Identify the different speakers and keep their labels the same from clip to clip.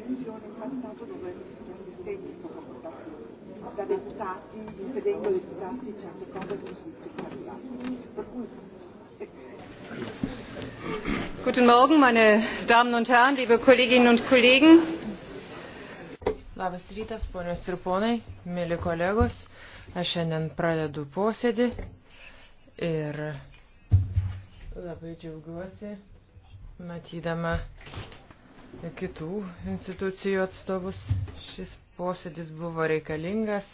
Speaker 1: Commissione in passato dove gli assistenti sono portati da deputati, impedendo ai deputati certe cose che sono arrivate. Per cui Guten Morgen, meine Damen und Herren, liebe Kolleginnen und Kollegen. Labas rytas, ponios ir ponai, mėly kolegos. Aš šiandien pradedu posėdį ir labai džiaugiuosi matydama kitų institucijų atstovus. Šis posėdis buvo reikalingas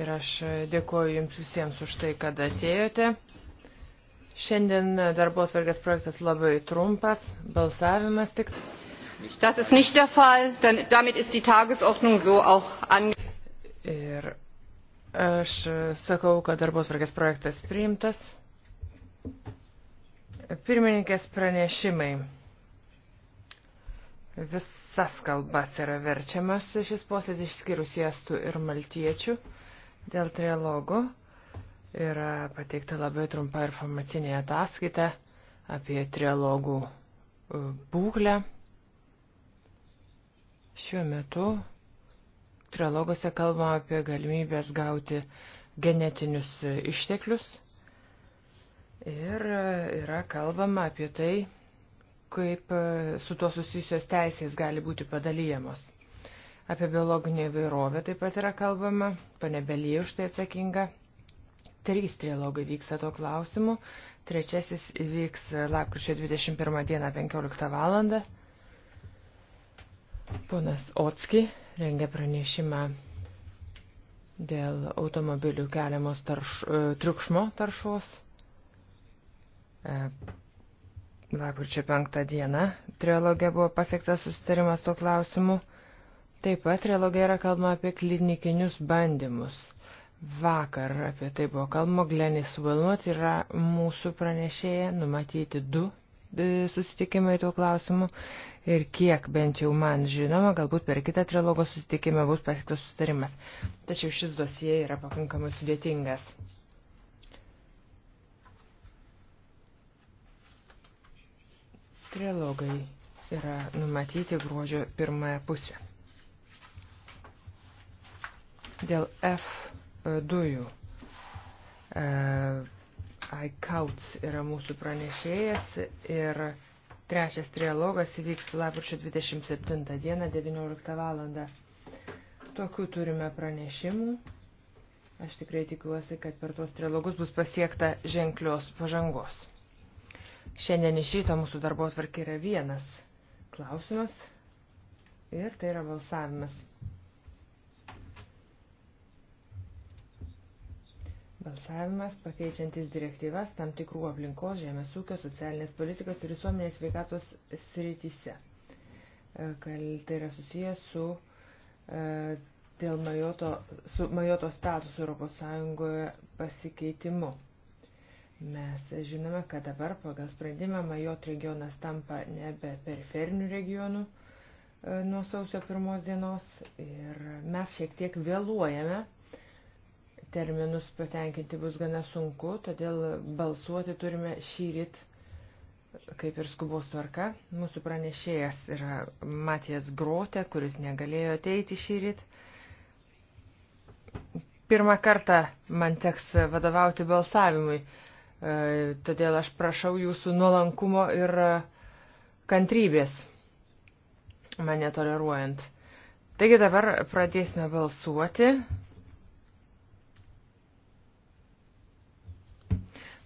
Speaker 1: ir aš dėkoju Jums visiems už tai, kad atėjote. Šiandien darbo atvargas projektas labai trumpas, balsavimas tik. Das ist nicht der Fall, denn damit ist die Tagesordnung so auch ange. Ir aš sakau, kad darbo atvargas projektas priimtas. Pirmininkės pranešimai. Visas kalbas yra verčiamas šis posėdis išskyrus estų ir maltiečių dėl trilogų. Yra pateikta labai trumpa informacinė ataskaita apie trilogų e, būklę. Šiuo metu trilogose kalbama apie galimybės gauti genetinius išteklius ir yra kalbama apie tai, kaip e, su tuo susijusios teisės gali būti padalyjamos. Apie biologinę įvairovę taip pat yra kalbama, panebelyje už tai atsakinga. Trys trilogai vyksta tuo klausimu, trečiasis įvyks lapkričio 21 dieną 15 valandą. Ponas Otski rengia pranešimą dėl automobilių keliamos tarš, e, triukšmo taršos. E, Lapkričio penktą dieną trilogė buvo pasiektas susitarimas tuo klausimu. Taip pat trilogė yra kalbama apie klinikinius bandymus. Vakar apie tai buvo kalbama, Glenis Vilmot yra mūsų pranešėja, numatyti du e, susitikimai tuo klausimu ir kiek bent jau man žinoma, galbūt per kitą trilogo susitikimą bus pasiektas susitarimas. Tačiau šis dosie yra pakankamai sudėtingas. Trilogai yra numatyti gruodžio pirmąją pusę. Dėl F dujų. E, iCouts yra mūsų pranešėjas ir trečias trilogas įvyks lapkričio 27 dieną 19 valandą. Tokių turime pranešimų. Aš tikrai tikiuosi, kad per tuos trilogus bus pasiekta ženklios pažangos. Šiandien iš ryto mūsų darbo atvarkė yra vienas klausimas ir tai yra balsavimas. Balsavimas pakeičiantis direktyvas tam tikrų aplinkos, žemės ūkio, socialinės politikos ir visuomenės veikatos srityse. E, tai yra susijęs su e, dėl Majoto, su Majoto statusu Europos Sąjungoje pasikeitimu. Mes žinome, kad dabar pagal sprendimą Majot regionas tampa nebe periferiniu regionu e, nuo sausio pirmos dienos ir mes šiek tiek vėluojame. Terminus patenkinti bus gana sunku, todėl balsuoti turime šį rytą kaip ir skubos tvarka, mūsų pranešėjas yra Matijas Grote, kuris negalėjo ateiti šį ryt. Pirmą kartą man teks vadovauti balsavimui. E, todėl aš prašau jūsų nuolankumo ir e, kantrybės mane toleruojant. Taigi dabar pradėsime balsuoti.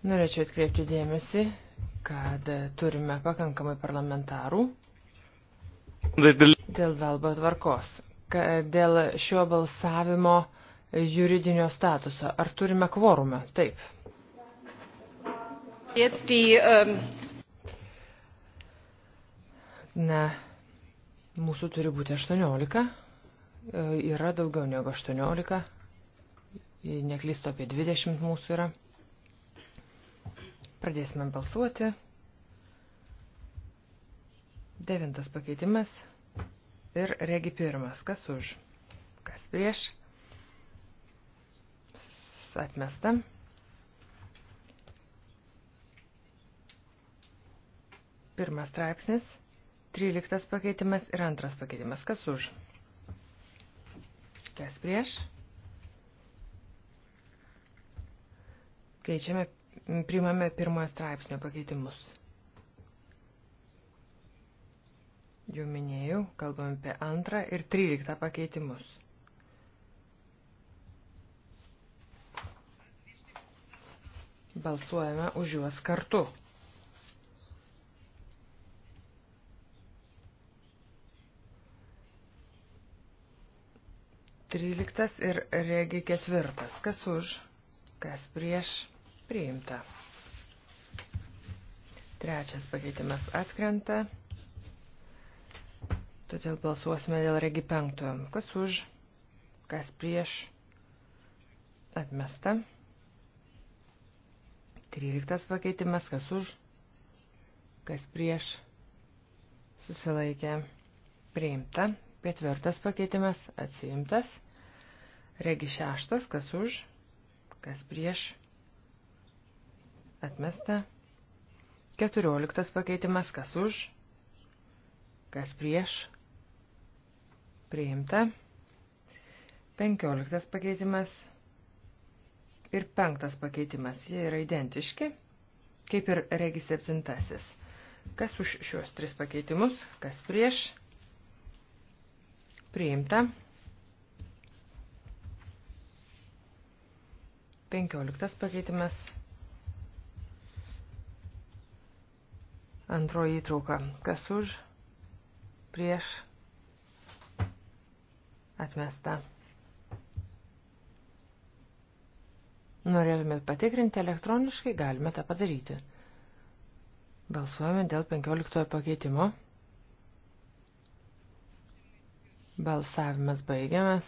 Speaker 1: Norėčiau atkreipti dėmesį, kad turime pakankamai parlamentarų dėl darbo tvarkos, dėl šio balsavimo juridinio statuso. Ar turime kvorumą? Taip. Ähm, Na, mūsų turi būti 18. E, yra daugiau negu 18. Neklysto apie 20 mūsų yra. Pradėsime balsuoti. Devintas pakeitimas ir regi pirmas. Kas už? Kas prieš? Atmestam. Pirmas straipsnis, tryliktas pakeitimas ir antras pakeitimas. Kas už? Kas prieš? Keičiame, primame pirmojo straipsnio pakeitimus. Jau minėjau, kalbam apie antrą ir tryliktą pakeitimus. Balsuojame už juos kartu. 13 ir regi 4. Kas už, kas prieš, priimta. Trečias pakeitimas atkrenta. Todėl balsuosime dėl regi 5. Kas už, kas prieš, atmesta. 13 pakeitimas, kas už, kas prieš, susilaikė, priimta. Ketvirtas pakeitimas atsiimtas. Regi šeštas, kas už, kas prieš. Atmesta. Keturioliktas pakeitimas, kas už, kas prieš. Priimta. Penkioliktas pakeitimas ir penktas pakeitimas. Jie yra identiški, kaip ir regi septintasis. Kas už šiuos tris pakeitimus, kas prieš. Priimta. 15 pakeitimas. Antroji įtrauka. Kas už? Prieš. Atmesta. Norėtumėt patikrinti elektroniškai, galime tą padaryti. Balsuojame dėl 15 pakeitimo. Balsavimas baigiamas.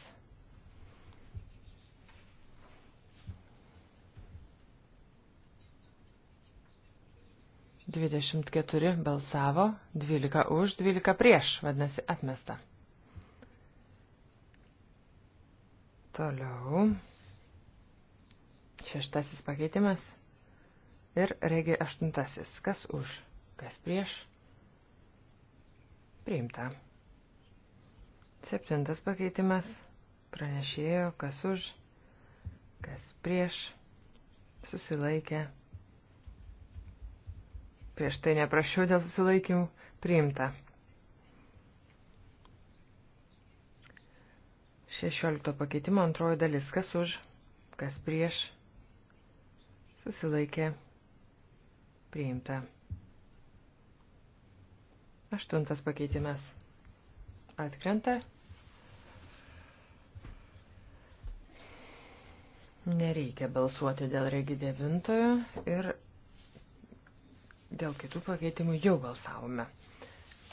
Speaker 1: Dvidešimt keturi balsavo, dvylika už, dvylika prieš, vadinasi, atmesta. Toliau. Šeštasis pakeitimas. Ir regi aštuntasis. Kas už, kas prieš. Priimta. Septintas pakeitimas. Pranešėjo, kas už, kas prieš, susilaikė. Prieš tai neprašiau dėl susilaikymų priimta. Šešiolikto pakeitimo antroji dalis, kas už, kas prieš, susilaikė, priimta. Aštuntas pakeitimas atkrenta Nereikia balsuoti dėl regi 9 ir dėl kitų pakeitimų jau balsavome.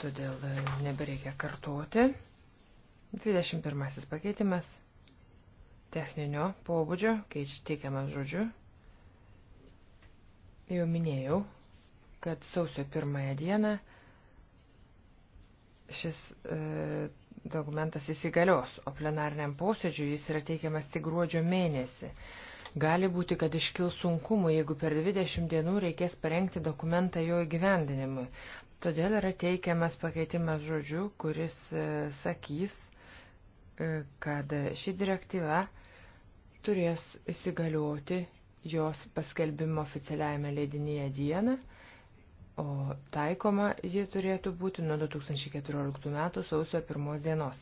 Speaker 1: Todėl e, nebereikia kartuoti. 21 pakeitimas techninio pobūdžio, keič teikiamas žodžiu. Jau minėjau, kad sausio pirmąją dieną šis e, dokumentas įsigalios, o plenariniam posėdžiui jis yra teikiamas tik gruodžio mėnesį. Gali būti, kad iškils sunkumų, jeigu per 20 dienų reikės parengti dokumentą jo įgyvendinimui. Todėl yra teikiamas pakeitimas žodžiu, kuris e, sakys, e, kad ši direktyva turės įsigalioti jos paskelbimo oficialiajame leidinyje dieną o taikoma ji turėtų būti nuo 2014 metų sausio pirmos dienos.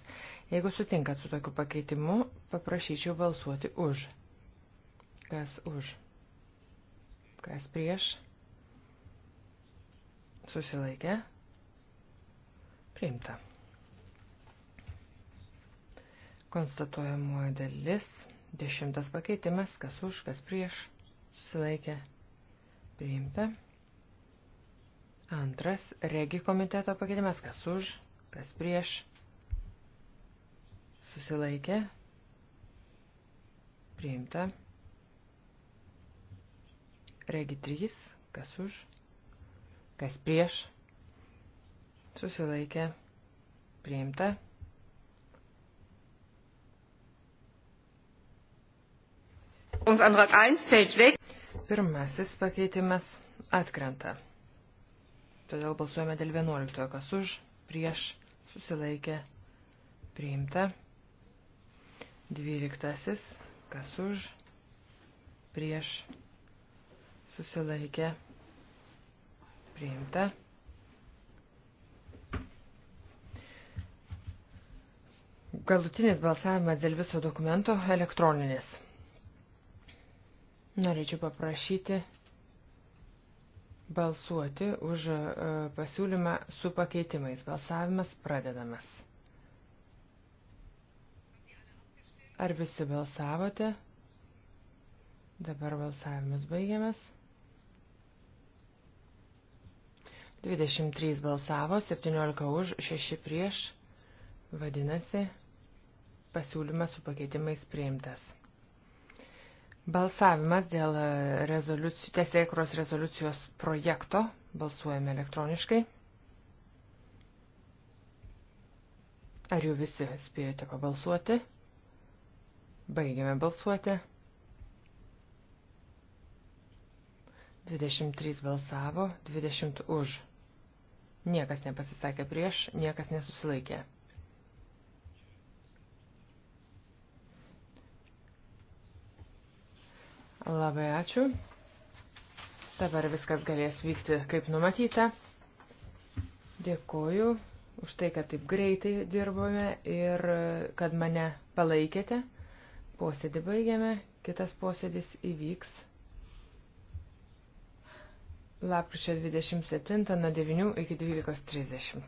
Speaker 1: Jeigu sutinkat su tokiu pakeitimu, paprašyčiau balsuoti už. Kas už? Kas prieš? Susilaikė? Priimta. Konstatuojamoji dalis. Dešimtas pakeitimas. Kas už, kas prieš? Susilaikė? Priimta. Antras, regi komiteto pakeitimas, kas už, kas prieš, susilaikė, priimta. Regi 3, kas už, kas prieš, susilaikė, priimta. Pirmasis pakeitimas atkrenta. Todėl balsuojame dėl 11, kas už, prieš, susilaikė, priimta. 12, kas už, prieš, susilaikė, priimta. Galutinis balsavimas dėl viso dokumento elektroninis. Norėčiau paprašyti balsuoti už e, pasiūlymą su pakeitimais. Balsavimas pradedamas. Ar visi balsavote? Dabar balsavimas baigiamas. 23 balsavo, 17 už, 6 prieš. Vadinasi, pasiūlymas su pakeitimais priimtas. Balsavimas dėl e, rezoliucijų, tiesiekros rezoliucijos projekto. Balsuojame elektroniškai. Ar jau visi spėjote pabalsuoti? Baigiame balsuoti. 23 balsavo, 20 už. Niekas nepasisakė prieš, niekas nesusilaikė. Labai ačiū. Dabar viskas galės vykti kaip numatyta. Dėkoju už tai, kad taip greitai dirbome ir kad mane palaikėte. Posėdį baigiame, kitas posėdis įvyks lapkričio 27 nuo 9 iki 12.30.